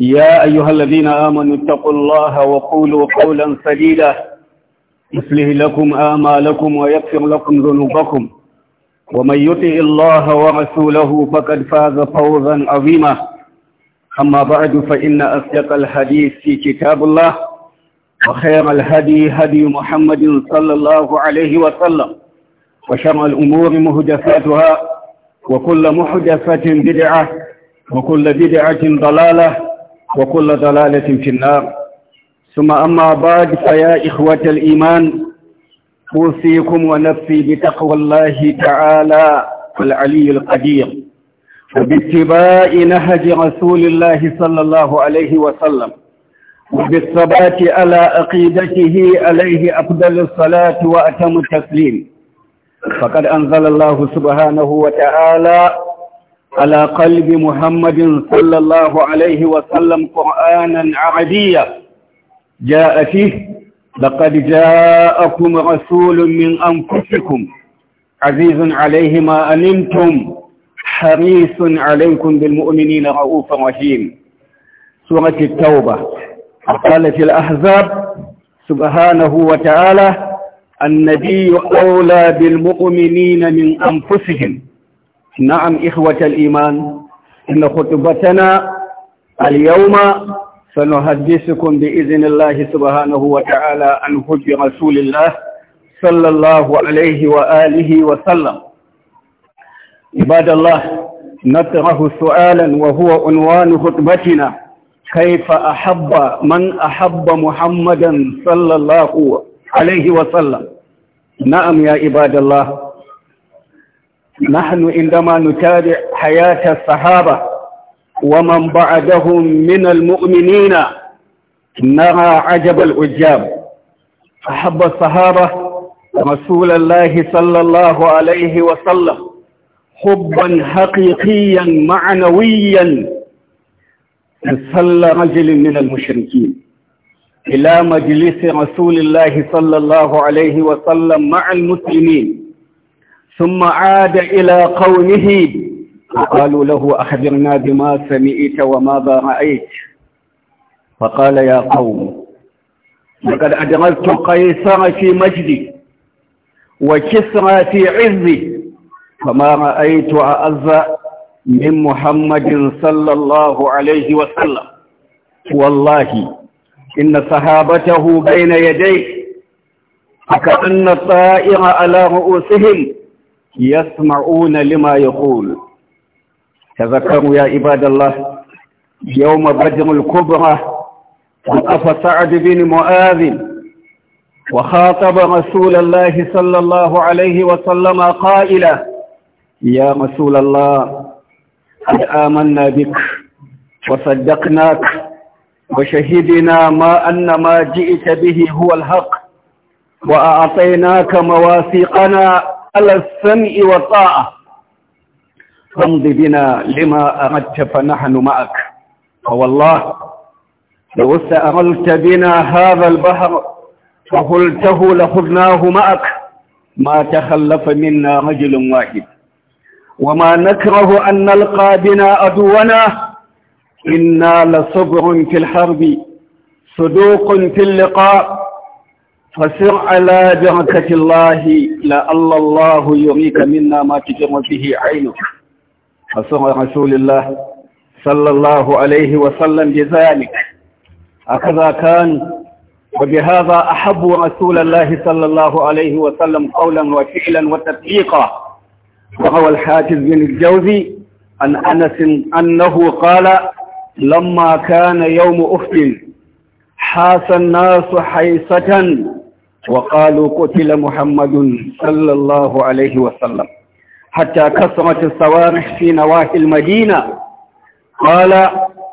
يا أيها الذين آمنوا اتقوا الله وقولوا قولا سديدا يصلح لكم آمالكم ويغفر لكم ذنوبكم ومن يطع الله ورسوله فقد فاز فوزا عظيما أما بعد فإن أصدق الحديث في كتاب الله وخير الهدي هدي محمد صلى الله عليه وسلم وشر الأمور مهدفاتها وكل محدثة بدعة وكل بدعة ضلالة وكل ضلالة في النار ثم أما بعد فيا إخوة الإيمان أوصيكم ونفسي بتقوى الله تعالى العلي القدير وباتباع نهج رسول الله صلى الله عليه وسلم وبالثبات على عقيدته عليه أفضل الصلاة وأتم التسليم فقد أنزل الله سبحانه وتعالى على قلب محمد صلى الله عليه وسلم قرآنا عربيا جاء فيه لقد جاءكم رسول من أنفسكم عزيز عليه ما أنمتم حريص عليكم بالمؤمنين رؤوف رحيم سورة التوبة قالت الأحزاب سبحانه وتعالى النبي أولى بالمؤمنين من أنفسهم na'am ikwatal iman na khutbatana al-yawma sanuhaddithukum bi idhnillahi subhanahu wa ta'ala an hubbi rasulillah sallallahu alayhi wa alihi wa sallam ibadallah natrahu su'alan wa huwa unwan kaifa kayfa ahabba man ahabba muhammadan sallallahu alayhi wa sallam na'am ya ibadallah نحن عندما نتابع حياة الصحابة ومن بعدهم من المؤمنين نرى عجب العجاب أحب الصحابة رسول الله صلى الله عليه وسلم حبا حقيقيا معنويا صلى رجل من المشركين إلى مجلس رسول الله صلى الله عليه وسلم مع المسلمين ثم عاد إلى قومه فقالوا له أخبرنا بما سمعت وماذا رأيت فقال يا قوم لقد أدركت قيصر في مجدي وكسرى في عزي فما رأيت أعز من محمد صلى الله عليه وسلم والله إن صحابته بين يديه فكأن الطائر على رؤوسهم يسمعون لما يقول تذكروا يا عباد الله يوم بدر الكبرى وقف سعد بن معاذ وخاطب رسول الله صلى الله عليه وسلم قائلا يا رسول الله قد آمنا بك وصدقناك وشهدنا ما أن ما جئت به هو الحق وأعطيناك مواثيقنا على السمع والطاعة فامض بنا لما أردت فنحن معك فوالله لو استأملت بنا هذا البحر فقلته لخذناه معك ما تخلف منا رجل واحد وما نكره أن نلقى بنا عدونا إنا لصبر في الحرب صدوق في اللقاء فسر على بركة الله لعل الله يريك منا ما تجر به عينك فسر رسول الله صلى الله عليه وسلم بذلك هكذا كان وبهذا أحب رسول الله صلى الله عليه وسلم قولا وفعلا وتطبيقا وروى الحاجز بن الجوزي عن أن أنس أنه قال لما كان يوم أخت حاس الناس حيصة وقالوا قتل محمد صلى الله عليه وسلم حتى كسرت الصوارح في نواحي المدينة قال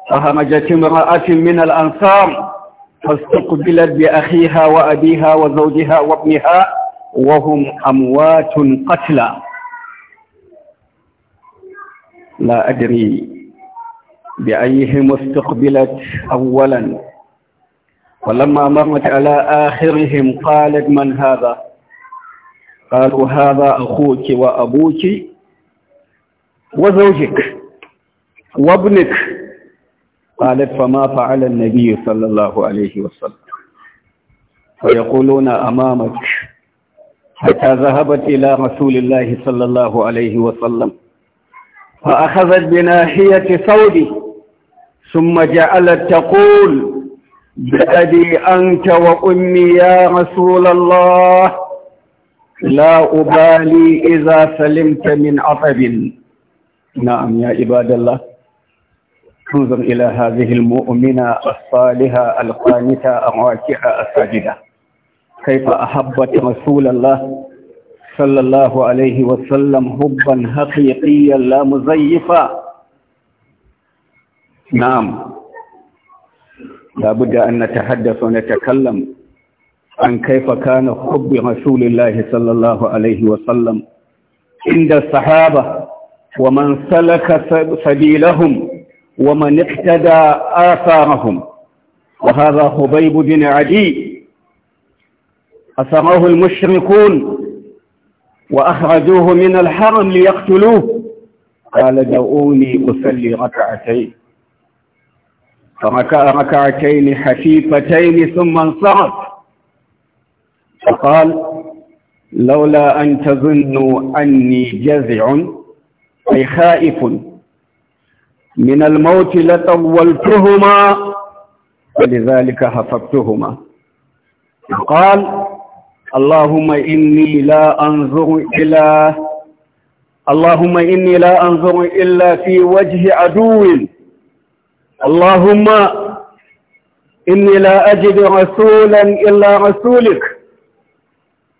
فهمجت امرأة من الأنصار فاستقبلت بأخيها وأبيها وزوجها وابنها وهم أموات قتلى لا أدري بأيهم استقبلت أولا فلما مرت على آخرهم قالت من هذا قالوا هذا أخوك وأبوك وزوجك وابنك قالت فما فعل النبي صلى الله عليه وسلم فيقولون أمامك حتى ذهبت إلى رسول الله صلى الله عليه وسلم فأخذت بناحية ثوبه ثم جعلت تقول بأبي أنت وأمي يا رسول الله لا أبالي إذا سلمت من عطب نعم يا عباد الله انظر إلى هذه المؤمنة الصالحة القانتة الراكعة الساجدة كيف أحبت رسول الله صلى الله عليه وسلم حبا حقيقيا لا مزيفا نعم لابد أن نتحدث ونتكلم عن كيف كان حب رسول الله صلى الله عليه وسلم عند الصحابة ومن سلك سبيلهم ومن اقتدى آثارهم وهذا خبيب بن عدي أسره المشركون وأخرجوه من الحرم ليقتلوه قال دعوني أصلي ركعتين فركع ركعتين حفيفتين ثم انصرف فقال لولا أن تظنوا أني جزع أي خائف من الموت لطولتهما ولذلك هفقتهما قال اللهم إني لا أنظر إلى اللهم إني لا أنظر إلا في وجه عدوٍ اللهم إني لا أجد رسولا إلا رسولك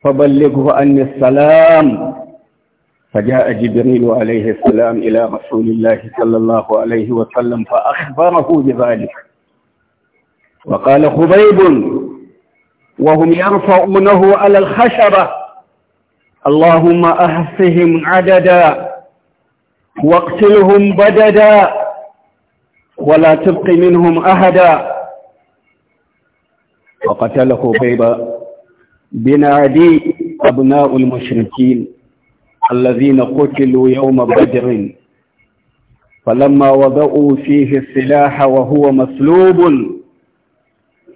فبلغه عني السلام فجاء جبريل عليه السلام إلى رسول الله صلى الله عليه وسلم فأخبره بذلك وقال خبيب وهم يرفعونه على الخشبة اللهم أحصهم عددا واقتلهم بددا ولا تبقي منهم أحدا وقتله بيبا بن عدي أبناء المشركين الذين قتلوا يوم بدر فلما وضعوا فيه السلاح وهو مسلوب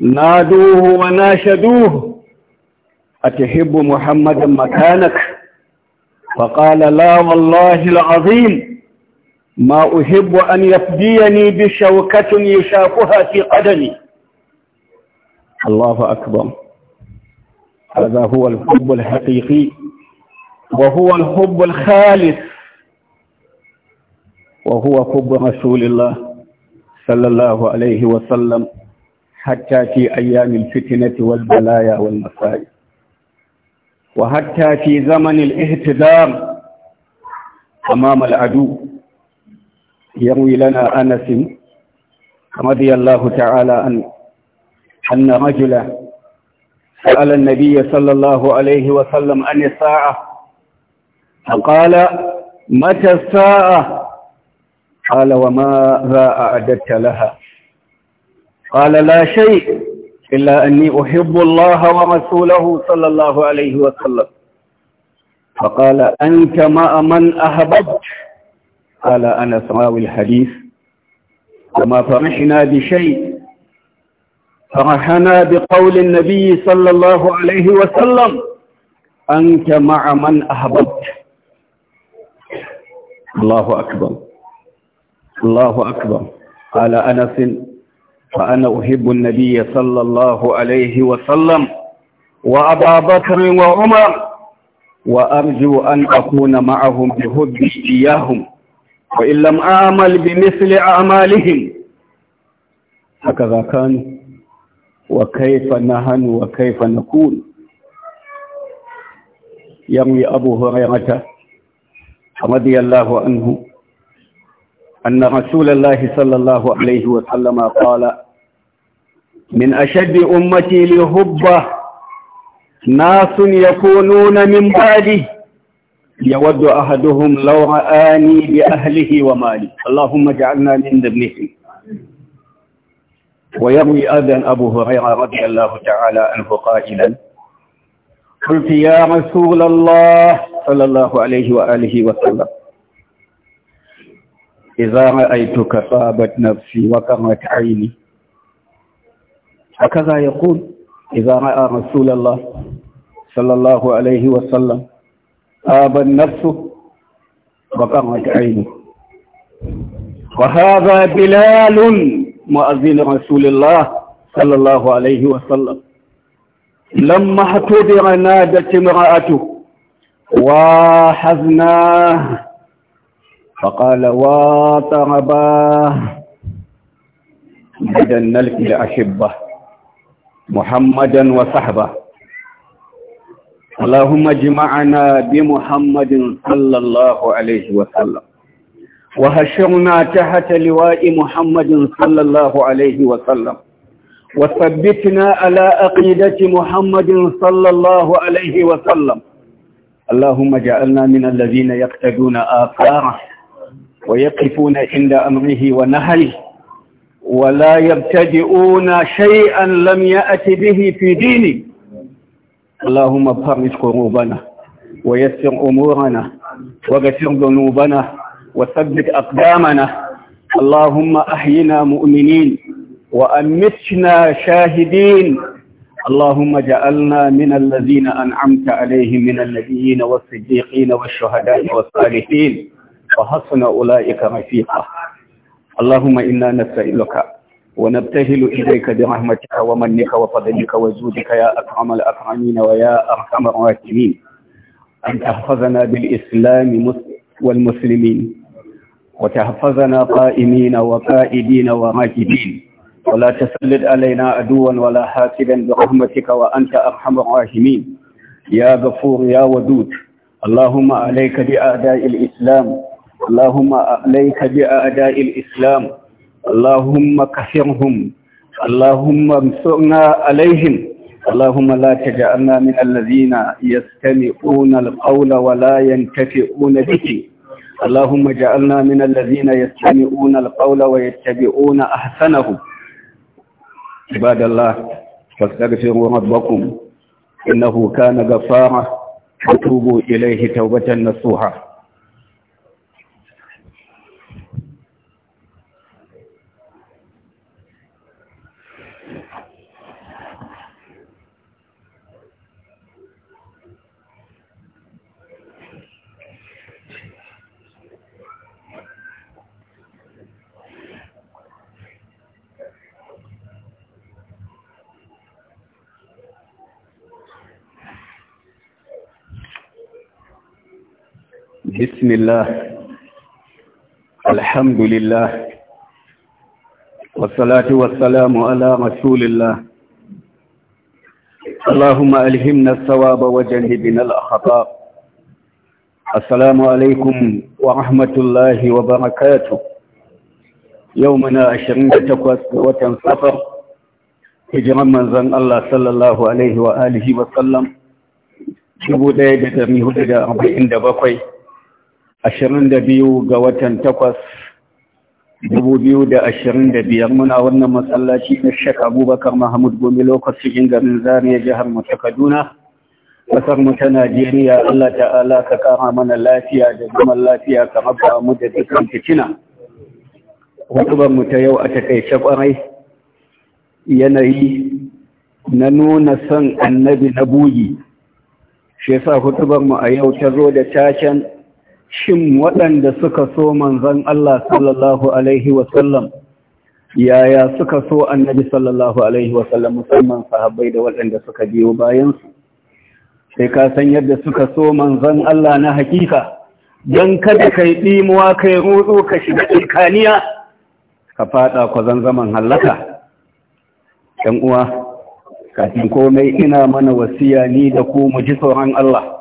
نادوه وناشدوه أتحب محمدا مكانك فقال لا والله العظيم ما أحب أن يفديني بشوكة يشافها في قدمي الله أكبر هذا هو الحب الحقيقي وهو الحب الخالص وهو حب رسول الله صلى الله عليه وسلم حتى في أيام الفتنة والبلايا والمصائب وحتى في زمن الاهتدام أمام العدو يروي لنا أنس رضي الله تعالى عنه أن رجلا سأل النبي صلى الله عليه وسلم عن الساعة فقال متى الساعة قال وماذا أعددت لها قال لا شيء إلا أني أحب الله ورسوله صلى الله عليه وسلم فقال أنت مع من أحببت قال أنا راوي الحديث وما فرحنا بشيء فرحنا بقول النبي صلى الله عليه وسلم أنت مع من أحببت الله أكبر الله أكبر قال أنس فأنا أحب النبي صلى الله عليه وسلم وأبا بكر وعمر وأرجو أن أكون معهم بحبي إياهم وإن لم أعمل بمثل أعمالهم هكذا كانوا وكيف نهن وكيف نكون يروي أبو هريرة رضي الله عنه أن رسول الله صلى الله عليه وسلم قال من أشد أمتي لهبة ناس يكونون من بعدي يود أحدهم لو رآني بأهله ومالي اللهم اجعلنا من ذبنهم ويروي أذن أبو هريرة رضي الله تعالى عنه قائلا قلت يا رسول الله صلى الله عليه وآله وسلم إذا رأيتك صابت نفسي وكرت عيني هكذا يقول إذا رأى رسول الله صلى الله عليه وسلم آبا نفسه وقرت عينه وهذا بلال مؤذن رسول الله صلى الله عليه وسلم لما اعتبر نادت امرأته وحزناه فقال واطرباه بدا نلقي الأحبة محمدا وصحبه اللهم اجمعنا بمحمد صلى الله عليه وسلم وهشرنا تحت لواء محمد صلى الله عليه وسلم وثبتنا على عقيدة محمد صلى الله عليه وسلم اللهم اجعلنا من الذين يقتدون آثاره ويقفون عند أمره ونهيه ولا يبتدئون شيئا لم يأت به في دينه اللهم فرج كروبنا ويسر أمورنا وغفر ذنوبنا وثبت أقدامنا اللهم أحينا مؤمنين وأمتنا شاهدين اللهم اجعلنا من الذين أنعمت عليهم من النبيين والصديقين والشهداء والصالحين وحسن أولئك رفيقا اللهم إنا نستعينك ونبتهل إليك برحمتك ومنك وفضلك وجودك يا أكرم الأكرمين ويا أرحم الراحمين أن تحفظنا بالإسلام والمسلمين وتحفظنا قائمين وقائدين وراكبين ولا تسلد علينا عدوا ولا حاسدا برحمتك وأنت أرحم الراحمين يا غفور يا ودود اللهم عليك بأعداء الإسلام اللهم عليك بأعداء الإسلام Allahumma kafinhum, Allahumma msuna alaihim, Allahumma la taja'alna min allazina yastami'una al-qawla wa la yantafi'una bihi. Allahumma ja'alna min allazina yastami'una al-qawla wa ahsanahu. Ibadallah, fastaghfiru rabbakum, innahu kana ghafara, fatubu ilayhi tawbatan nasuha. بسم الله الحمد لله والصلاة والسلام على رسول الله اللهم ألهمنا الثواب وجنبنا الأخطاء السلام عليكم ورحمة الله وبركاته يومنا عشرين تقوى وتنصفر hijiran manzan Allah sallallahu Alaihi wa alihi wasallam bakwai. ashirin da biyu ga watan takwas dubu biyu da ashirin da biyar muna wannan masallaci na shek abubakar mahamud gomi lokacin garin zariya jihar mata kaduna ƙasar mu ta najeriya allah ta'ala ka kara mana lafiya da zaman lafiya kamar ba mu da dukkan fitina hutubar mu ta yau a takaice kwarai yanayi na nuna son annabi na bugi shi yasa hutubar mu a yau ta zo da tashen shin waɗanda suka so manzan Allah sallallahu Alaihi wasallam yaya suka so annabi sallallahu Alaihi wasallam musamman sahabbai da waɗanda suka biyo bayansu sai ka san yadda suka so manzan Allah na hakika don kada ka yi ɗimuwa ka yi rutsu ka shiga tsirkaniya ka faɗa kwazon zaman hallaka ‘yan uwa kafin komai ina mana wasiya ni da ku mu ji sauran Allah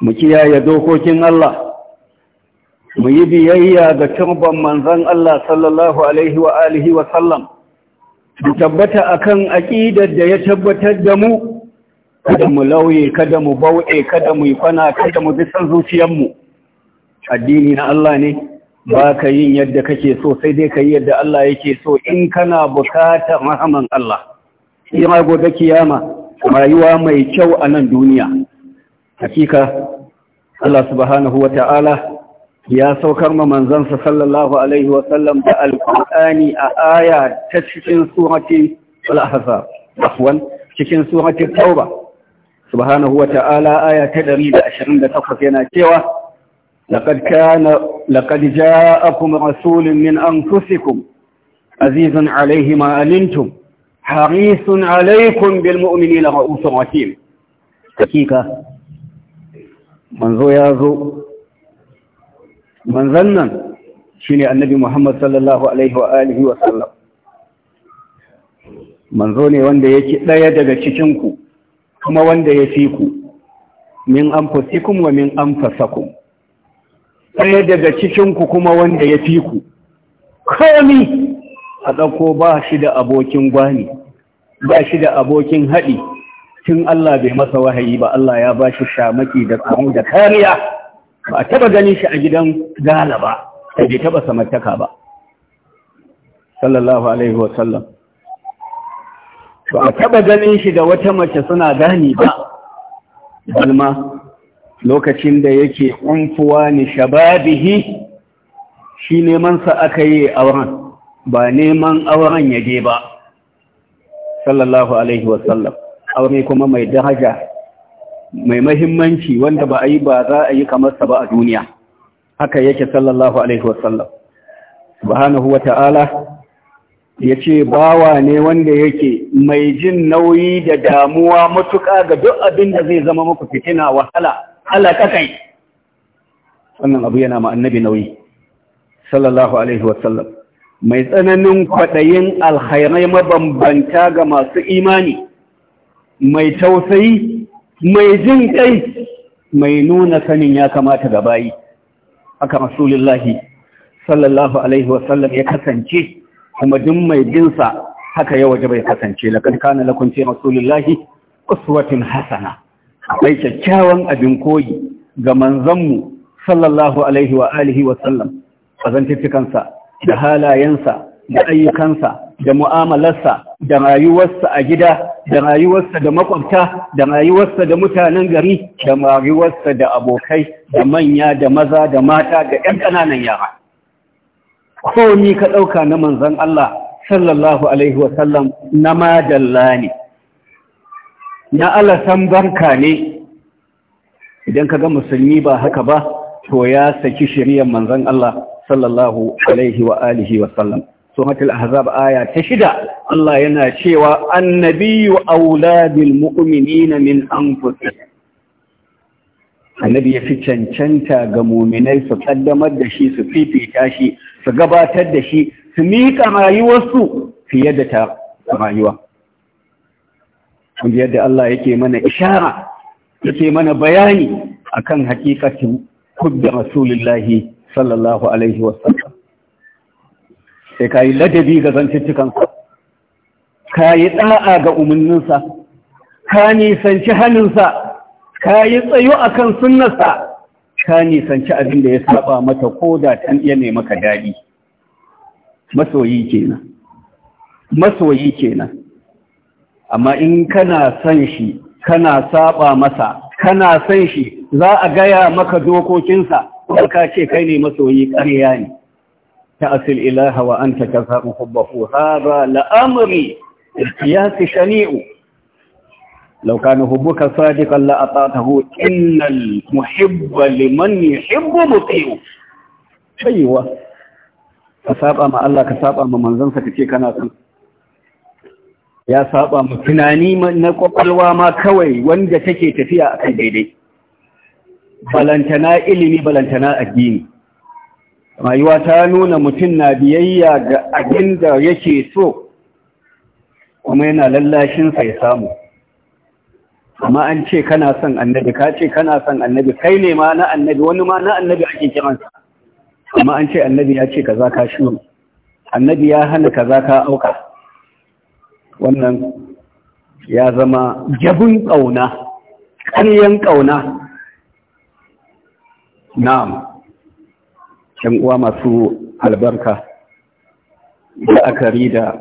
mu kiyaye dokokin Allah mu yi biyayya ga turban manzon Allah sallallahu alaihi wa alihi wa sallam mu tabbata akan aqidar da ya tabbatar da mu kada mu lauye kada mu bau'e kada mu yi kwana kada mu bi san mu. addini na Allah ne ba ka yin yadda kake so sai dai ka yi yadda Allah yake so in kana bukatar rahman Allah sai ma gobe kiyama rayuwa mai kyau a nan duniya hakika Allah subhanahu wa ta'ala ya saukar ma manzansa sallallahu alaihi wa sallam da alqur'ani a aya ta cikin surati al-ahzab afwan cikin surati tauba subhanahu wa ta'ala aya ta 128 yana cewa laqad kana laqad ja'akum rasulun min anfusikum azizun alayhi ma alintum harisun alaykum bil mu'minina ra'ufur rahim hakika manzo ya zo manzan nan shine annabi Muhammad sallallahu alaihi wa alihi wa sallam manzo ne wanda yake daya daga cikin ku kuma wanda ya fi ku min anfusikum wa min anfasakum daya daga cikin ku kuma wanda ya fi ku komi a dauko ba shi da abokin gwani ba shi da abokin haɗi tun Allah bai masa wahayi ba Allah ya ba shi shamaki da tsaro da kariya ba a taba ganin shi a gidan gala ba sai bai taba samartaka ba sallallahu alaihi wa sallam to a taba ganin shi da wata mace suna gani ba balma lokacin da yake unfuwa ni shababihi shi neman sa aka yi auren ba neman auren ya je ba sallallahu alaihi wa sallam aure kuma mai daraja mai mahimmanci wanda ba a yi ba za a yi sa ba a duniya haka yake sallallahu alaihi wasallam subhanahu wata'ala ya ce bawa ne wanda yake mai jin nauyi da damuwa matuƙa ga duk abin da zai zama muku fitina wahala halaka kai wannan abu yana ma annabi nauyi sallallahu alaihi wasallam mai tsananin kwaɗayin alkhairai mabambanta ga masu imani mai tausayi mai jin kai mai nuna sanin ya kamata ga bayi haka rasulullahi sallallahu alaihi wasallam ya kasance kuma duk mai binsa haka ya waje bai kasance laqad kana lakum fi rasulillahi uswatun hasana akwai kyakkyawan abin koyi ga manzanmu sallallahu alaihi wa alihi wasallam azantittukansa da halayensa da ayyukansa da mu'amalarsa da rayuwarsa a gida da rayuwarsa da makwabta da rayuwarsa da mutanen gari da rayuwarsa da abokai da manya da maza da mata da ƴan ƙananan yara ni ka ɗauka na manzon Allah sallallahu alaihi wa sallam na madalla ne na alasan barka ne idan ka ga musulmi ba haka ba to ya saki shiriyar manzon Allah sallallahu alaihi wa alihi wa sallam suratul ahzab aya ta shida Allah yana cewa annabiyyu aula bil mu'minina min anfusihim annabi ya fi cancanta ga muminai su kaddamar da shi su fifita shi su gabatar da shi su miƙa rayuwarsu fiye da ta rayuwa yadda Allah yake mana ishara yake mana bayani akan hakikatin kubda rasulullahi sallallahu alaihi wasallam sai ka yi ladabi ga zancicikansa ka yi ɗa'a ga umarninsa ka nisanci hannunsa ka yi tsayo a kan sunnarsa ka nisanci abin da ya saba mata ko da can iya ne maka daɗi masoyi kenan masoyi kenan amma in kana son shi kana saba masa kana son shi za a gaya maka dokokinsa ka ce kai ne masoyi ƙarya ne تأتي الإله وأنت تفهم حبه هذا لأمري القياس شنيع لو كان حبك صادقا لأطاعته إن المحب لمن يحب مطيع أيوة كسابة ما الله كسابة ما منزل سكتي كان أصلا ya saba mu tunani na kwakwalwa ma kawai wanda take tafiya akan daidai balantana ilimi balantana addini rayuwa ta nuna mutum na biyayya ga abin da yake so kuma yana lallashinsa ya samu amma an ce kana son annabi ka ce kana son annabi kai ne ma na annabi wani ma na annabi ake kiransa amma an ce annabi ya ce ka za ka shiru annabi ya hana ka za ka auka wannan ya zama jabin ƙauna ƙaryen ƙauna na'am ‘yan uwa masu albarka da akari da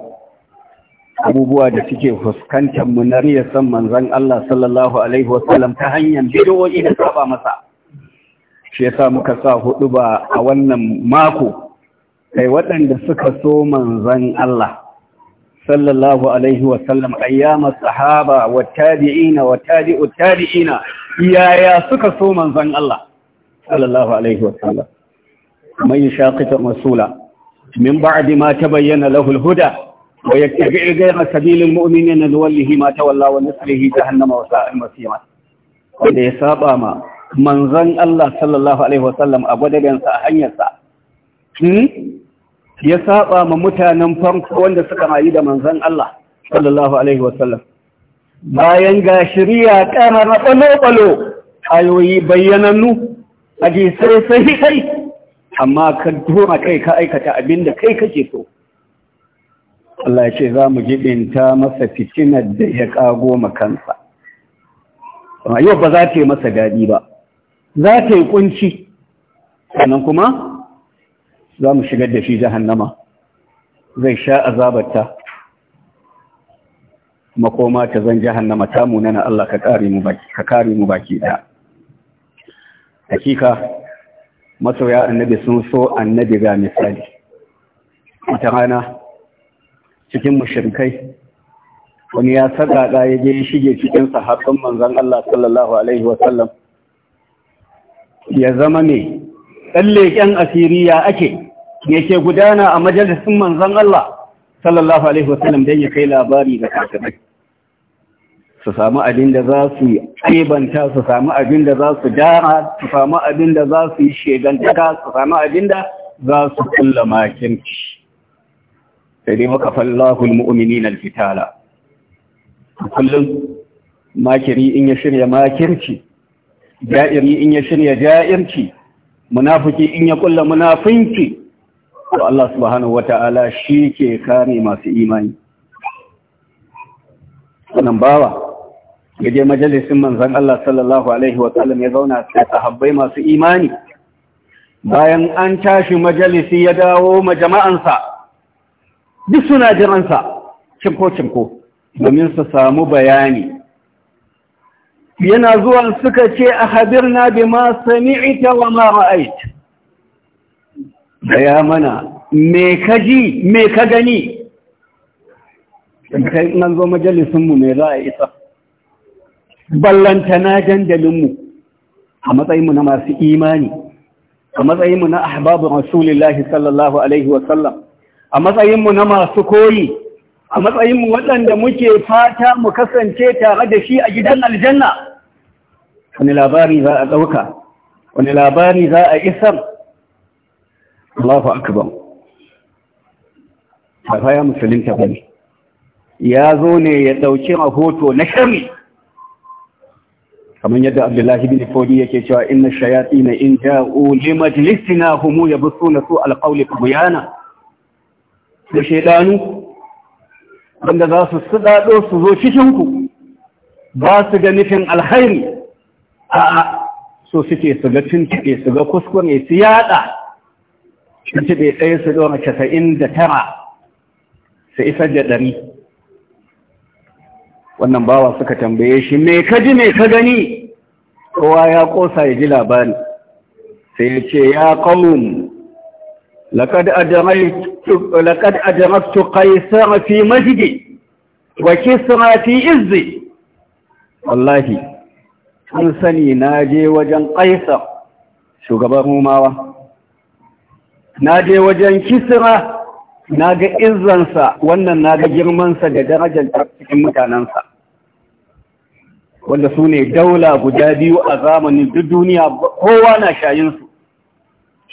abubuwa da suke fuskantar mu na riya san manzan Allah sallallahu Alaihi wasallam ta hanyar bidowoyi da saba masa. Shi sa muka sa hudu ba a wannan mako, kai waɗanda suka so manzan Allah. sallallahu alaihi wasallam ayyama sahaba wa tabi'ina wa tabi'u tabi'ina iyaya suka so manzan Allah sallallahu alaihi wasallam من يشاقق الرسول من بعد ما تبين له الهدى ويتبع غير سبيل المؤمنين نوله ما تولى ونسله جهنم وساء المصير wanda ya saba ma manzon Allah sallallahu alaihi wasallam a gwadabensa a hanyarsa ya saba ma mutanen farko wanda suka rayu da manzon Allah sallallahu alaihi wasallam bayan ga shari'a kana na kwalo-kwalo ayoyi bayyanannu a amma ka dora kai ka aikata abin da kai kake so Allah ya ce za mu jibinta masa fitinar da ya kago makansa amma yau ba za ta yi masa daɗi ba za ta yi kunci sannan kuma za mu shigar da shi jahannama zai sha azabarta makoma ta zan jahannama ta munana Allah ka kare mu baki ɗaya. hakika masoya annabi sun so annabi ga misali wata rana cikin mushrikai wani ya da ya je shige cikin sahabban manzon Allah sallallahu alaihi wa sallam ya zama ne tsalleken asiriya ake yake gudana a majalisin manzon Allah sallallahu alaihi wa sallam dan ya kai labari ga kafirai su samu abin da za su aibanta su samu abin da za su dara su samu abin da za su yi shegantaka su samu abin da za su kulla makinci sai dai maka fallahu na alfitala kullum makiri in ya shirya makirci ja'iri in ya shirya ja'irci munafuki in ya kulla munafinci to Allah subhanahu wata'ala shi ke kare masu imani wannan bawa ya je majalisin manzan Allah sallallahu alaihi wasallam ya zauna a sahabbai masu imani bayan an tashi majalisi ya dawo ma jama'ansa duk suna jiransa cinko-cinko domin su samu bayani yana zuwan suka ce a habirna bi ma sami'ita wa ma ra'ait gaya mana me ka ji me ka gani kai nan zo majalisinmu me za a isa ballantana dandalinmu a matsayinmu na masu imani a matsayinmu na ahbabu rasulillahi sallallahu alaihi wasallam a matsayinmu na masu koyi a matsayinmu waɗanda muke fata mu kasance tare da shi a gidan aljanna wani labari za a ɗauka wani labari za a isar Allahu akbar ba ya musulunta bane ya zo ne ya ɗauki rahoto na shari'a kamar yadda abdullahi bin fodi yake cewa inna shayatin in ja'u li majlisina hum yabsuna su alqawl qiyana da shedanu wanda za su sudado su zo cikin ku ba su ga nufin alkhairi a'a so suke su ga tuntube su ga kuskure su yada tuntube ɗaya su zo na casa'in da tara su isa da ɗari wannan bawa suka tambaye shi me ka ji me ka gani kowa ya kosa ya ji labari sai ya ce ya qawm laqad adraytu laqad adraftu qaisara fi masjidi wa kisra fi izzi wallahi an sani na je wajen qaisar shugaban rumawa na je wajen kisra na ga izzansa wannan na ga girmansa da darajar cikin mutanensa wanda su ne daula guda biyu a zamanin duk duniya kowa na shayinsu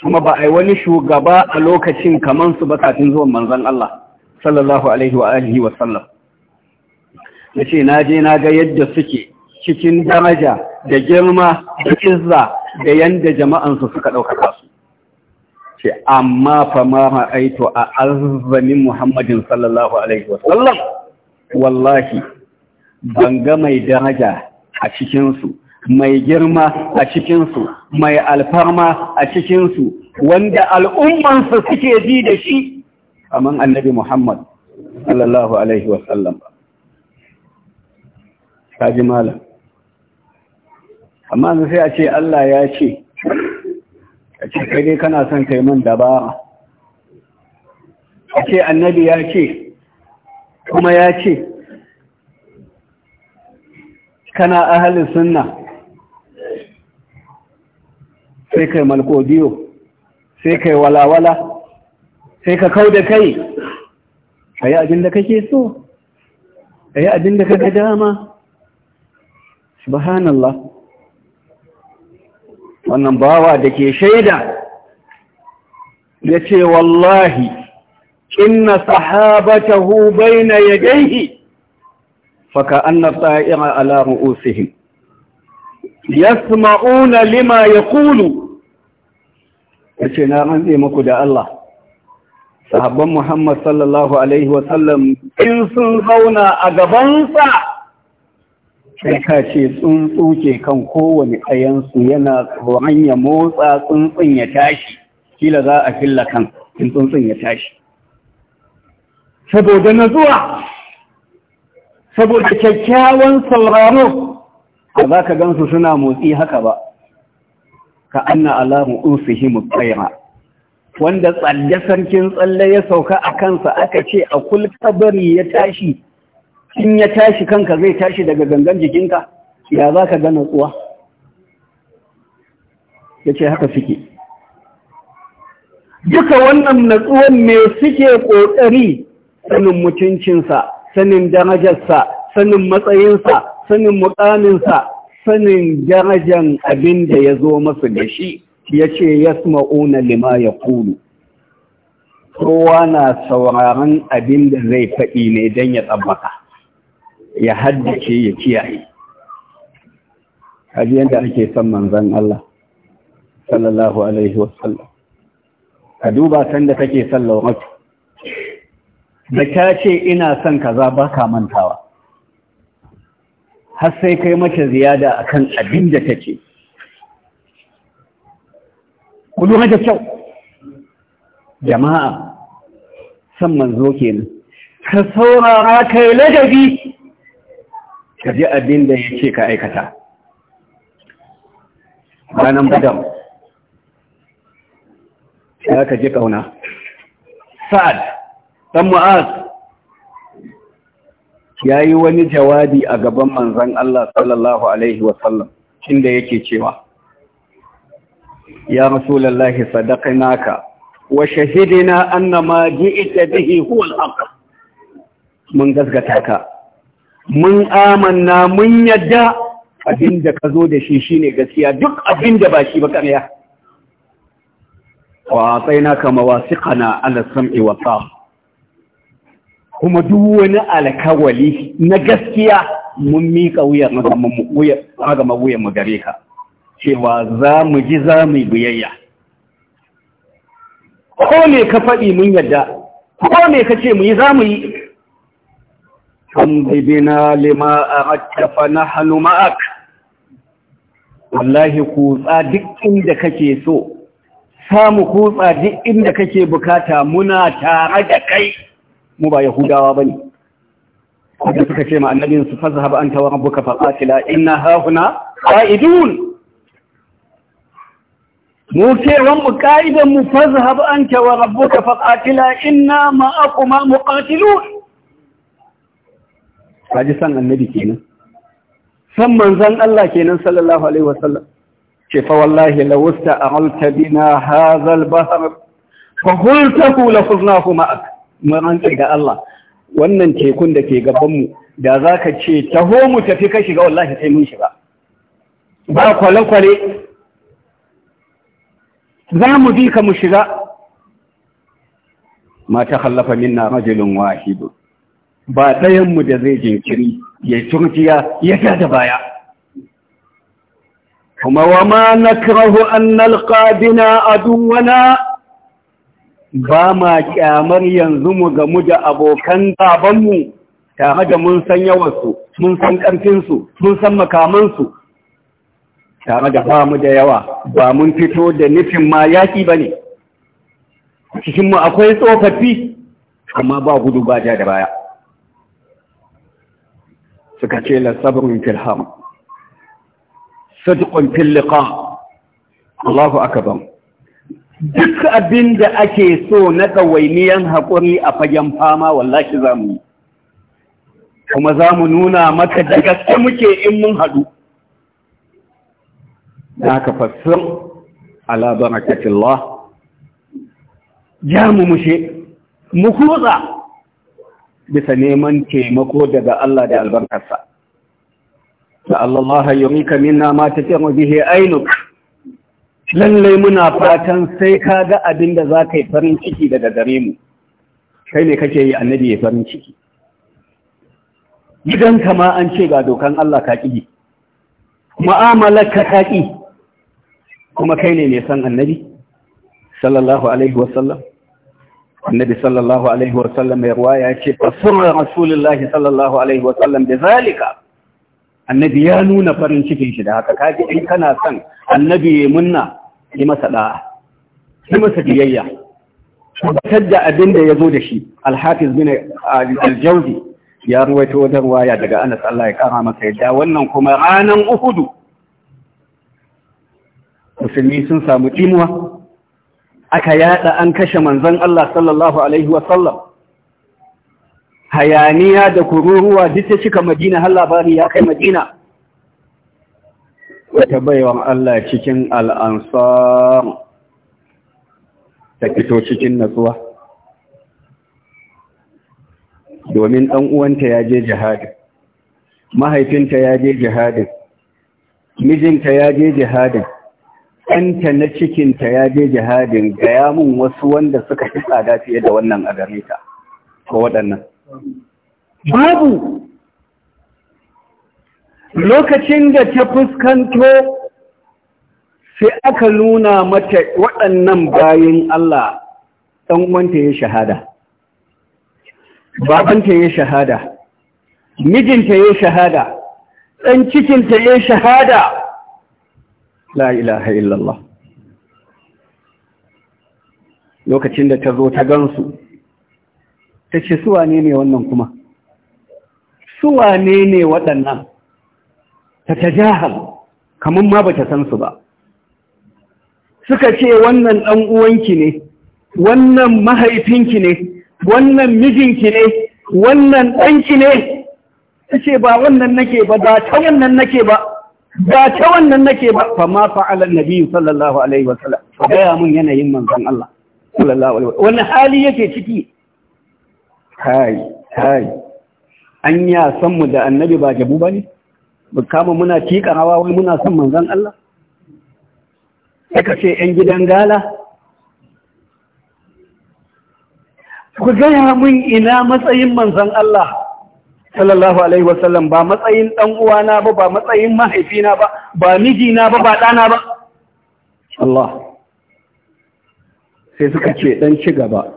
kuma ba a yi wani shugaba a lokacin kamansu ba kafin zuwan manzan Allah sallallahu alaihi wa alihi wa sallam ya ce na je na ga yadda suke cikin daraja da girma da izza da yadda jama'ansu suka ɗaukaka su ce amma fa ma ra'aitu a azzamin muhammadin sallallahu alaihi wa sallam wallahi ban ga mai daraja a cikinsu mai girma a cikinsu mai alfarma a cikinsu wanda al'ummansu suke ji da shi amman annabi Muhammad sallallahu Alaihi wasallam ba. Kaji malam. Amma sai a ce Allah ya ce, a ce kai dai kana son kai man dabara. A ce annabi ya ce, kuma ya ce, kana ahalin sunna sai kai malkodiyo sai kai walawala sai ka kau da kai a yi abin da kake so a yi abin da kake dama subhanallah wannan bawa da ke shaida ya ce wallahi inna sahabatahu bayna yadayhi faka الطائر على رؤوسهم يسمعون لما يقول yace na rantse muku da Allah sahabban Muhammad sallallahu alaihi wa sallam in sun zauna a gabansa sai ka ce tsuntsu ke kan kowane ɗayansu yana tsoron ya motsa tsuntsun ya tashi kila za a killa kan tsuntsun ya tashi saboda na zuwa saboda kyakkyawan sauraro a za ka gansu suna motsi haka ba ka anna alamu ufihimu tsaira wanda tsalle sarkin tsalle ya sauka a kansa aka ce a kul kabari ya tashi in ya tashi kanka zai tashi daga gangan jikinka ya za ka gana tsuwa ya ce haka suke duka wannan natsuwan me suke ƙoƙari sanin mutuncinsa sanin darajarsa sanin matsayinsa sanin mukaminsa sanin darajan abin da ya zo masu da shi ya ce yasma'una lima ya kulu kowa na sauraron abin da zai faɗi ne don ya tsabbaka ya haddace ya kiyaye kaji yadda ake son manzan Allah sallallahu alaihi wasallam ka duba sanda take son lauratu da ta ce ina son kaza ba ka mantawa har sai kai mace ziyada akan abin da ta ce ku lura da kyau jama'a san manzo nan ka saurara kai ladabi ka ji abin da ya ce ka aikata ranar badam ya ka ji ƙauna sa'ad dan mu'az ya yi wani jawabi a gaban manzan Allah sallallahu Alaihi wasallam inda yake cewa ya rasulallahi sadaqnaka wa shahidina annama ji'ta bihi huwa al-haq mun gaskata ka mun amanna mun yadda abinda ka zo da shi shine gaskiya duk abinda ba shi ba kariya wa sai naka ala sam'i wa ta'a kuma duk wani alkawali na gaskiya mun miƙa agama wuyan mu gare ka cewa za mu ji za mu yi biyayya ko me ka faɗi mun yadda ko me ka ce mu yi za mu yi na lima a attafa na hannu ma'ak wallahi kutsa duk inda kake so samu kutsa duk inda kake bukata muna tare da kai mu ba yahudawa bane haka suka ce ma annabin su fazhab anta wa rabbuka faqatila inna hauna qa'idun mu ce wan mu qa'idan mu fazhab anta wa rabbuka faqatila inna ma'akuma muqatilun kaji san annabi kenan san manzon Allah kenan sallallahu alaihi wasallam ce fa wallahi law ista'alta bina hadha al-bahr fa qultahu la khuznahu ma'ak rantsi ga Allah wannan tekun da ke gabanmu da za ka ce taho mu tafi ka shiga wallahi sai mun shiga ba kwale-kwale za mu bi ka mu shiga mata hallafa minna rajulun wahidu ba ɗayanmu da zai jinkiri ya turjiya ya ta da baya kuma wa ma nakrahu an nalqa bina aduwana ba ma kyamar yanzu mu gamu da abokan mu tare da mun san yawansu mun san ƙarfinsu mun san makamansu tare da ba mu da yawa ba mun fito da nufin ma yaƙi ba ne cikinmu akwai tsofaffi amma ba gudu ba da baya suka ce lasabirin filham sadiqun fil liqa Allahu akbar duk abin da ake so na ɗawainiyan haƙuri a fagen fama wallashi za mu yi kuma za mu nuna maka da gaske muke in mun haɗu na ka fassir ala barakatillah ja mu mushe mu kutsa bisa neman taimako daga Allah da albarkarsa ta Allah ya yi minna ma tafiya bihi ainuka lallai muna fatan sai ka ga abin da za ka yi farin ciki daga gare mu kai ne kake yi annabi ya farin ciki gidanka ma an ce ga dokan Allah ka ƙi Mu'amalar ka ƙi kuma kai ne mai san annabi sallallahu alaihi wasallam annabi sallallahu alaihi wasallam mai ruwa ya ce fasurra rasulullahi sallallahu alaihi wasallam da zalika annabi ya nuna farin cikin shi da haka kaji in kana son annabi ya munna yi masa da'a yi masa biyayya tabbatar da abin da ya zo da shi alhafiz bin aljawzi ya ruwaito wajen waya daga anas Allah ya kara masa yadda wannan kuma ranar uhudu musulmi sun samu ɗimuwa aka yada an kashe manzon Allah sallallahu alaihi wasallam hayaniya da kururuwa duk ta cika madina har labari ya kai madina wata baiwan Allah cikin al'ansar ta fito cikin natsuwa domin ɗan uwanta ya je jihadin mahaifinta ya je jihadin mijinta ya je jihadin ɗanta na cikinta ya je jihadin gaya mun wasu wanda suka fi tsada fiye da wannan a gare ko waɗannan babu lokacin da ta fuskanto sai aka nuna mata waɗannan bayan Allah ɗan'uwanta ya shahada babanta ya shahada mijinta ya shahada ɗan cikinta ya shahada la ilaha illallah lokacin da ta zo ta gansu ta ce suwa ne ne wannan kuma suwa ne ne waɗannan ta jahar kamar ma ta san su ba suka ce wannan ɗan uwanki ne wannan mahaifinki ne wannan mijinki ne wannan ɗanki ne ta ce ba wannan nake ba ba ta wannan nake ba ba ta wannan nake ba fa ma fa'ala nabi sallallahu alaihi wa sallam fa gaya mun yanayin manzon Allah sallallahu alaihi wa wani hali yake ciki kai kai an ya san mu da annabi ba jabu ba ne ba kama muna tiƙa hawa wai muna son manzan Allah aka ce ‘yan gidan gala ku gaya mun ina matsayin manzan Allah sallallahu alaihi wasallam ba matsayin ɗan'uwana ba ba matsayin mahaifina ba ba mijina ba ba ɗana ba Allah sai suka ce ɗan ci gaba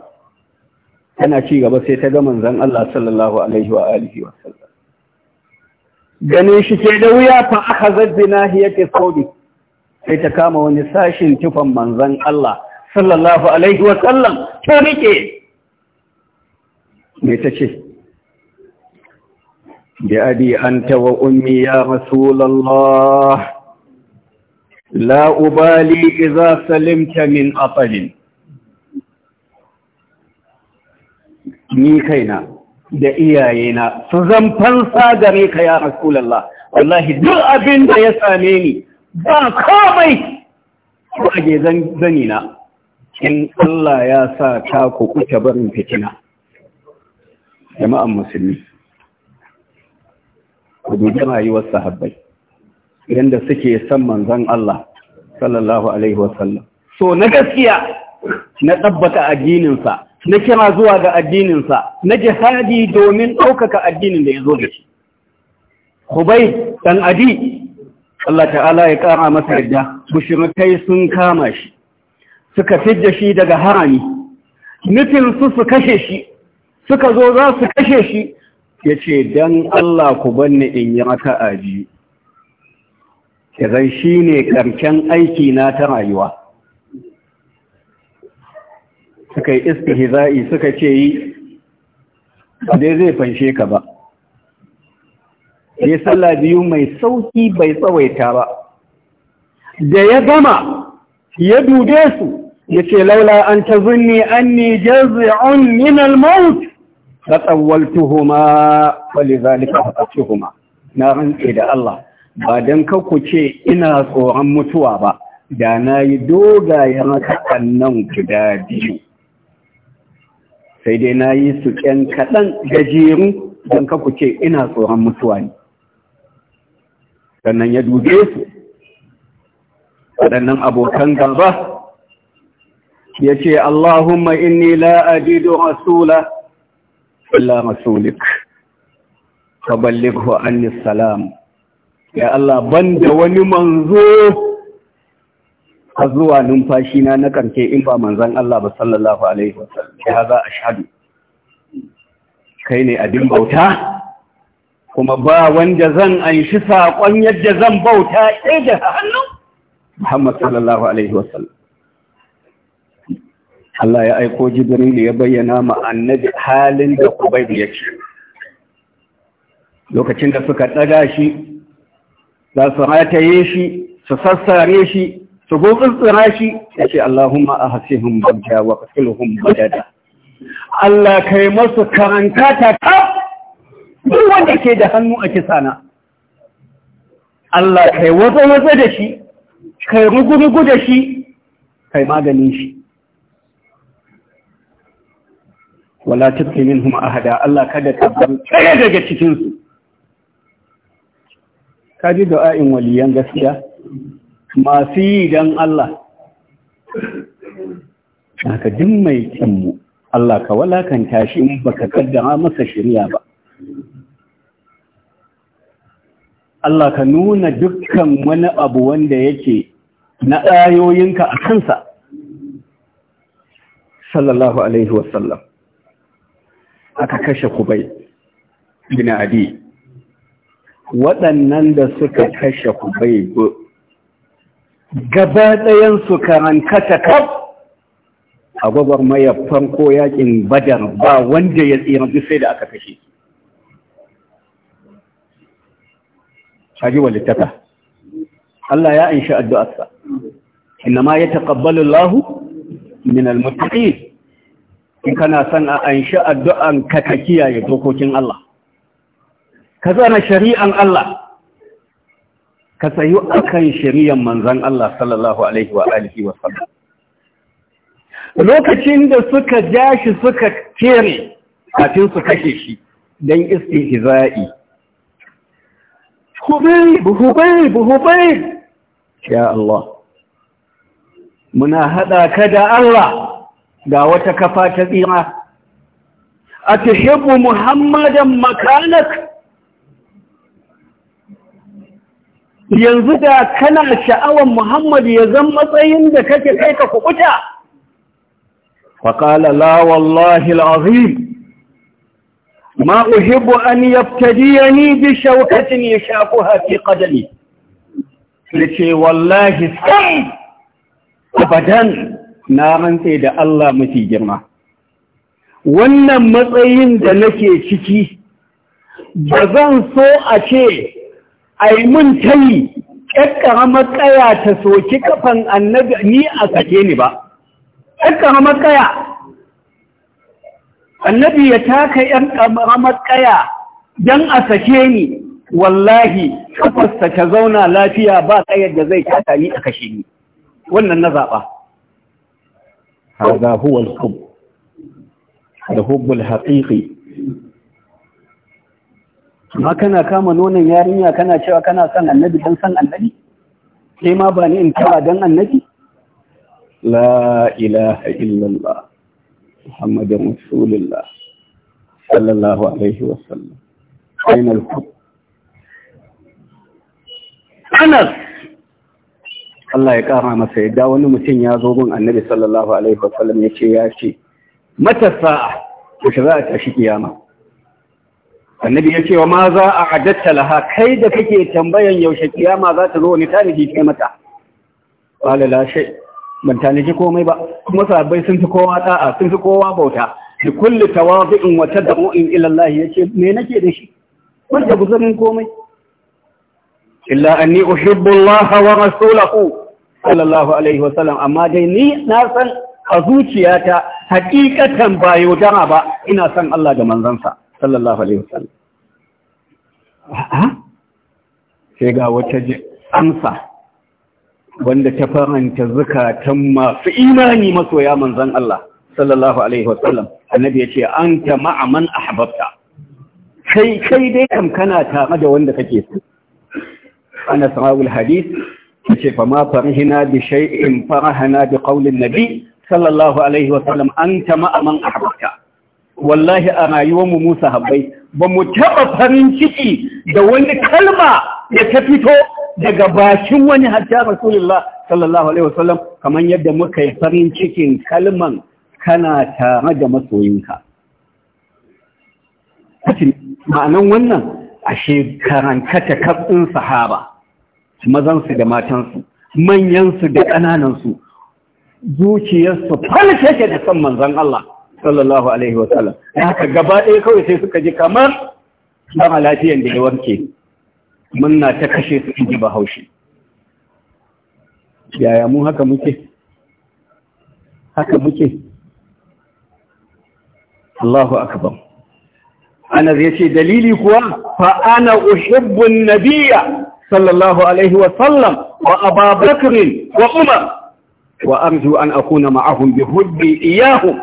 yana ci gaba sai ta ga manzan Allah sallallahu alaihi wa wasallam ganin shi ke da wuya fa aka zabbi nahiyati saudi sai ta kama wani sashin tufan manzan Allah sallallahu alaihi wa ta rike me ce? bi abi anta wa ummi ya rasulullah la ubali idza salimta min atalin ni kaina da iyayena su zan fansa gare ka ya rasulallah wallahi duk abin da ya same ni ba komai ko a zan zani na in Allah ya sa ta ku kuce barin fitina jama'an musulmi ku dubi rayuwar sahabbai yanda suke san manzon Allah sallallahu alaihi wasallam so na gaskiya na tabbata addininsa na kira zuwa ga addininsa na jihadi domin ɗaukaka addinin da ya zo da shi hubai ɗan adi Allah ta'ala ya ƙara masa yadda mushrikai sun kama shi suka fidda shi daga harami nufin su su kashe shi suka zo za su kashe shi ya ce don Allah ku banne in yi raka aji ke zan shi ne ƙarshen aiki na ta rayuwa suka yi hizai suka ce yi dai zai fanshe ka ba ya salla biyu mai sauki bai tsawaita ba da ya gama ya dube su ya ce laula an ta zunni an ni jazi'un min al-maut la tsawaltuhuma wa lidhalika haqatuhuma na rantse da Allah ba dan ku ce ina tsoron mutuwa ba da na nayi dogayen rakan nan guda biyu sai dai na yi su ƙyan kaɗan gajeru don ka ce ina tsoron mutuwa ne sannan ya dube su waɗannan abokan gaba ya ce Allahumma inni la ajidu rasula illa rasulik ka ballighu anni salam ya Allah banda wani manzo har zuwa numfashi na na karshe in ba manzon Allah ba sallallahu alaihi wasallam ya za ashhadu kai ne abin bauta kuma ba wanda zan anshi saƙon yadda zan bauta sai da hannu Muhammad sallallahu alaihi wasallam Allah ya aiko Jibril ya bayyana ma annabi halin da Kubayb yake lokacin da suka ɗaga shi za su rataye shi su sassare shi su go tsira shi ya ce Allahumma a hun babja wa kasulhun da. Allah kai masu karanta ta kaf duk wanda ke da hannu a kisana Allah kai wata wata da shi kai rugu-rugu da shi kai maganin shi wala min minhum ahada Allah kada ka bar tsaye daga cikinsu. Ka ji da'a'in waliyan gaskiya masu yi don Allah haka duk mai kyanmu Allah ka walakanta shi in baka kaddara masa shirya ba Allah ka nuna dukkan wani abu wanda yake na ayoyinka a kansa sallallahu alaihi wasallam aka kashe kubai gina adi waɗannan da suka kashe kubai gaba ɗayansu karankata kaf a gwagwarmayar ko yakin badar ba wanda ya tsira duk sai da aka kashe haji walittaka Allah ya anshi addu'arsa ma ya taƙabbalu Allahu min almuttaqin in kana son a anshi addu'an ka kiyaye dokokin Allah ka zana shari'an Allah ka tsayu akan shari'ar manzan Allah sallallahu alaihi wa alihi wa sallam lokacin da suka ja shi suka kere kafin su kashe shi don za'i. Hubei, hubayb hubayb ya Allah muna haɗa ka da Allah ga wata kafa ta tsira a tuhibbu muhammadan makanak yanzu da kana sha'awar Muhammad ya zan matsayin da kake kai ka kubuta faqala la wallahi alazim ma uhibbu an yabtadiyani bi shawkatin yashaquha fi qadami yace wallahi sai abadan na rantse da Allah mafi girma wannan matsayin da nake ciki ba zan so a ce ai mun tayi ƙaƙƙara matsaya ta soki kafan annabi ni a sake ni ba ƙaƙƙara matsaya annabi ya taka ‘yan ƙaramar ƙaya don a sake ni wallahi kafasta ta zauna lafiya ba ƙayar da zai taka ni a kashe ni wannan na zaɓa haza huwal hub da hubbul haƙiƙi ma kana kama nonon yarinya kana cewa kana son annabi don son annabi sai ma ba ni in taba don annabi la ilaha illallah muhammadin rasulullah sallallahu alaihi wasallam aina al-hub anas Allah ya kara masa yadda wani mutum ya zo gun annabi sallallahu alaihi wasallam ya ce ya ce mata sa'a ko shi za a tashi kiyama annabi ya ce wa ma za a adatta laha kai da kake tambayan yaushe kiyama za ta zo wani tanaji ce mata qala la shay ban tanaji komai ba kuma sahabbai sun fi kowa da'a sun fi kowa bauta bi kulli tawadhi'in wa tad'u'in ila Allah yace me nake da shi ban da guzarin komai illa anni uhibbu Allah wa rasulahu sallallahu alaihi wa sallam amma dai ni na san a zuciyata hakikatan ba yaudara ba ina son Allah da manzansa sallallahu alaihi wasallam a'a sai ga wata amsa wanda ta faranta zukatan masu imani masoya manzon Allah sallallahu alaihi wasallam annabi yace anta ma'a man ahbabta kai kai dai kam kana tare da wanda kake so ana sahawul hadith yace fa ma farihina bi shay'in farahana bi qawli an-nabi sallallahu alaihi wasallam anta ma'a man ahbabta wallahi a rayuwar mu musa habbai ba mu taɓa farin ciki da wani kalma da ta fito daga bakin wani hatta rasulullah sallallahu alaihi wasallam kamar yadda muka yi farin cikin kalman kana tare da masoyinka ma'anan wannan ashe karankata kafin sahaba mazansu da matansu manyansu da ƙananansu zuciyarsu falshe da san manzon Allah sallallahu alaihi wa sallam haka gaba ɗaya kawai sai suka ji kamar ba lafiyan da ya warke Munna ta kashe su inji bahaushe yaya mun haka muke haka muke Allahu akbar Anas ce dalili kuwa Fa'ana ana Nabiya, sallallahu alaihi wa sallam wa Abu Bakr wa Umar wa arju an akuna ma'ahum bi hubbi iyahum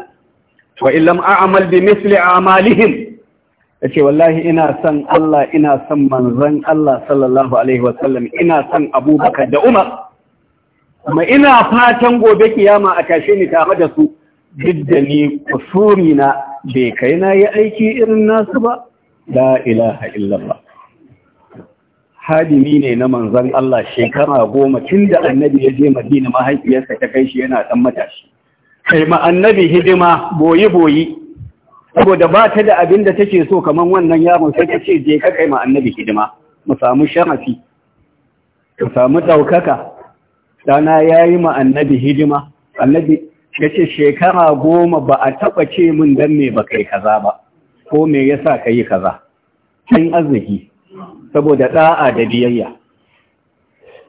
wa illam a'mal bi misli a'malihim yace wallahi ina son Allah ina son manzon Allah sallallahu alaihi wasallam ina son Abubakar da Umar kuma ina fatan gobe kiyama a tashe ni tare da su duk da ni kusuri na bai kai na yi aiki irin nasu ba la ilaha illallah hadimi ne na manzon Allah shekara goma tun da annabi ya je madina mahaifiyarsa ta kai shi yana dan matashi kai ma annabi hidima boyi boyi saboda ba ta da abin da take so kamar wannan yaron sai ta ce je ka kai ma annabi hidima mu samu sharafi mu samu ɗaukaka dana ya yi ma annabi hidima annabi ya ce shekara goma ba a taba ce min dan me ba kai kaza ba ko me yasa ka yi kaza Kin arziki saboda da'a da biyayya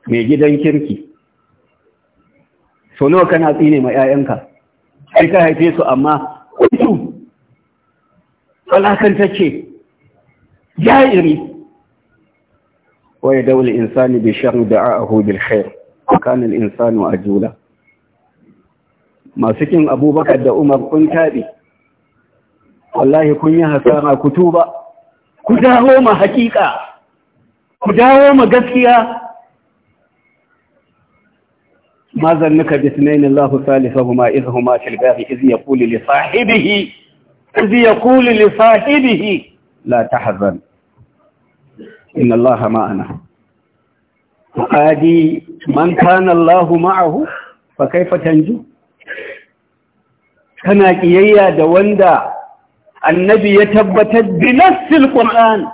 mai gidan kirki sono kana tsine ma 'ya'yanka sai ka haife su amma kuntu falakantacce jairi wa daula insani bi sharri da'ahu bil khair kana al insanu ajula masu kin abubakar da umar kun tabi wallahi kun yi hasara ku tuba ku dawo ma hakika ku dawo ma gaskiya ما ظنك باثنين الله ثالثهما إذ هما في الباغ إذ يقول لصاحبه إذ يقول لصاحبه لا تحزن إن الله معنا وآدي من كان الله معه فكيف تنجو كان إيايا دوندا النبي يتبتد بنفس القرآن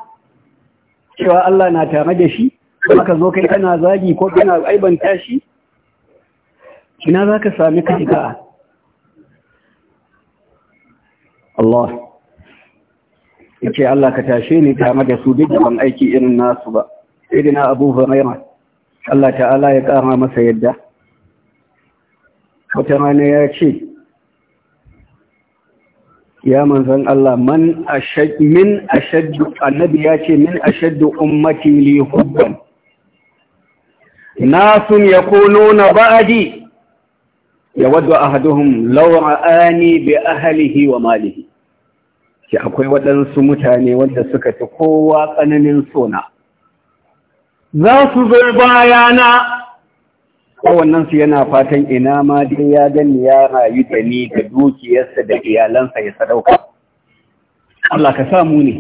شواء الله ناتا مجشي وما كزوكي كان زاجي كوبنا ايضا تاشي ina za ka sami kanka Allah ya ce Allah ka tashe ni tare da su duk da aiki irin nasu ba sai na abu huraira Allah ta'ala ya kama masa yadda wata rana ya ce ya manzan Allah min a shaddu annabi ya ce min a ummati li hubban nasun na ba'adi. yawaddu ahaduhum law ra'ani bi ahlihi wa malihi ki akwai waɗansu mutane wanda suka ci kowa tsananin sona za su zo bayana kowannensu yana fatan ina ma dai ya gani ya rayu da ni da dukiyarsa da iyalansa ya sadauka Allah ka samu ne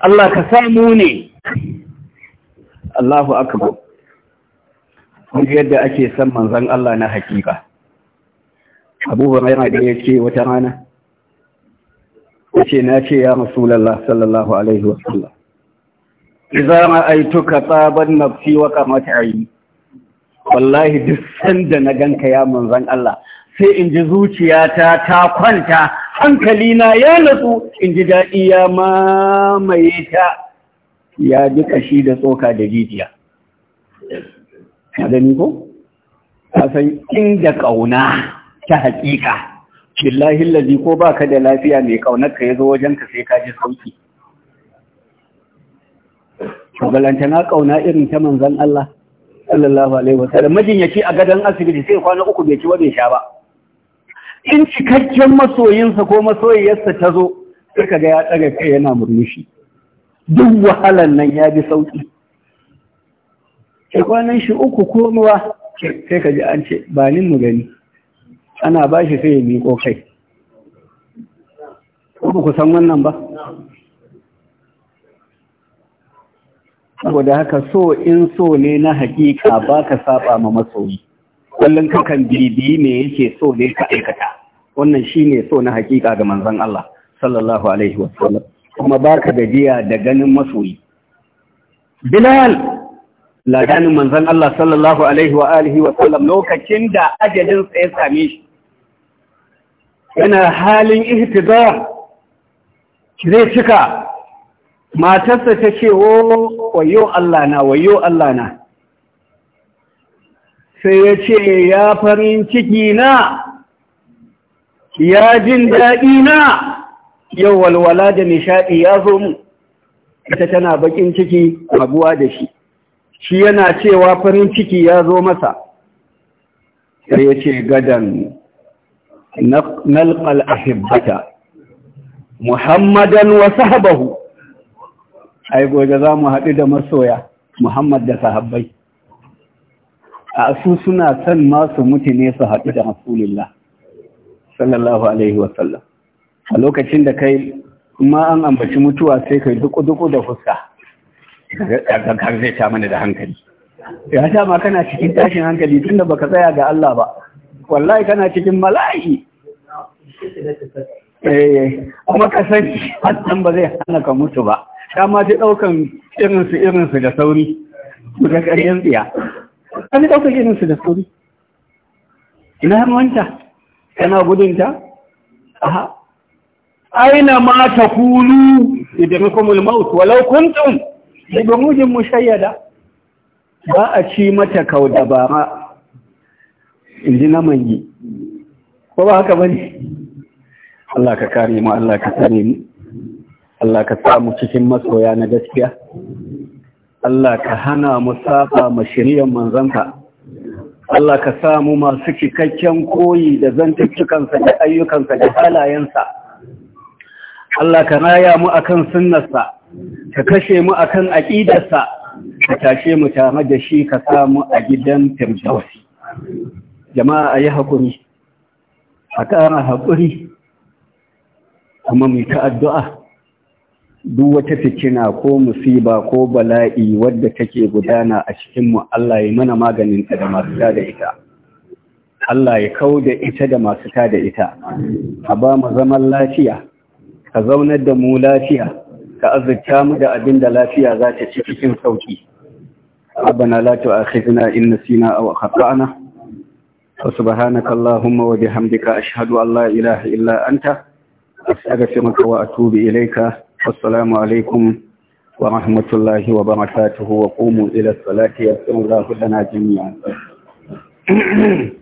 Allah ka samu ne Allahu akbar kun yadda ake san manzon Allah na hakika Abu Hurairah da ya wata rana yace na ce ya Rasulullah sallallahu alaihi wasallam idza aituka taban nafsi wa qamat ayi wallahi duk sanda na ganka ya manzon Allah sai in ji zuciyata ta kwanta hankali na ya nutsu in ji daɗi ya mamaye ta ya ji ƙashi da tsoka da jijiya ka gani ko ka san inda ƙauna ta haƙiƙa, billahi lazi ko ba ka da lafiya mai ƙaunar ka yazo wajen ka sai ka ji sauki shugalanta na ƙauna irin ta manzan Allah sallallahu alaihi wasallam majinyaci a gadon asibiti sai kwana uku bai ci ba bai sha ba in cikakken masoyinsa ko masoyiyarsa ta zo sai ga ya tsaga kai yana murmushi duk wahalan nan ya bi sauki kwanan shi uku ko sai ka ji an ce ba nin mu gani ana ba shi sai ya miƙo kai ko ba ku san wannan ba saboda haka so in so ne na hakika ba ka saba ma masoyi kullum kakan bibi ne yake so ne ka aikata wannan shine so na hakika ga manzon Allah sallallahu alaihi wasallam kuma baka gajiya da ganin masoyi Bilal ladanin manzan Allah sallallahu alaihi wa alihi wa sallam lokacin da ajalin ya same shi yana halin ihtidar zai cika matarsa ta ce wo oh, wayo Allah na wayo Allah na sai ya ce ya farin ciki na ya jin daɗi na yau walwala da nishaɗi ya zo mu ita tana bakin ciki abuwa da shi shi yana cewa farin ciki ya zo masa sai ya ce gadan nalqal ahibbata muhammadan wa sahabahu ai gobe za mu haɗu da masoya muhammad da sahabbai a su suna son masu ne su haɗu da rasulullah sallallahu alaihi wasallam a lokacin da kai kuma an ambaci mutuwa sai kai duku-duku da fuska ga zai ta mana da hankali ya ta ma kana cikin tashin hankali tun ba baka tsaya ga Allah ba wallahi kana cikin mala'i eh, kuma ka san hakan ba zai hana ka mutu ba ta ma ta daukan irinsu irinsu da sauri da ƙarfin tsiya ta fi ɗaukan irinsu da sauri ina har kana gudunta aha aina ma ta kulu idrikumul maut walau kuntum daga burujin mushayyada ba a ci mata kau dabara in ji na mangi ko ba haka bane Allah ka kare mu Allah ka kare mu Allah ka samu cikin masoya na gaskiya Allah ka hana mu saba ma shirya manzanka Allah ka samu masu cikakken koyi da zantaccukansa da ayyukansa da halayensa Allah ka raya mu akan sunnarsa ka kashe mu a kan aƙidarsa ka tashe mu tare da shi ka samu a gidan firdausi jama'a a yi hakuri a ƙara hakuri kuma mu ta addu'a duk wata fitina ko musiba ko bala'i wadda take gudana a cikinmu Allah ya mana maganinta da masu ta da ita. Allah ya kau da ita da masu ta da ita, a ba mu zaman lafiya, ka zaunar da mu lafiya, ka azurta mu da abin da lafiya zata ci cikin sauki a lati wa akhizina inna sina aw khata'na wa subhanaka allahumma wa bihamdika ashhadu an la ilaha illa anta astaghfiruka wa atubu ilayka assalamu alaykum wa rahmatullahi wa barakatuhu wa qumu ila salati yasallu lana jami'an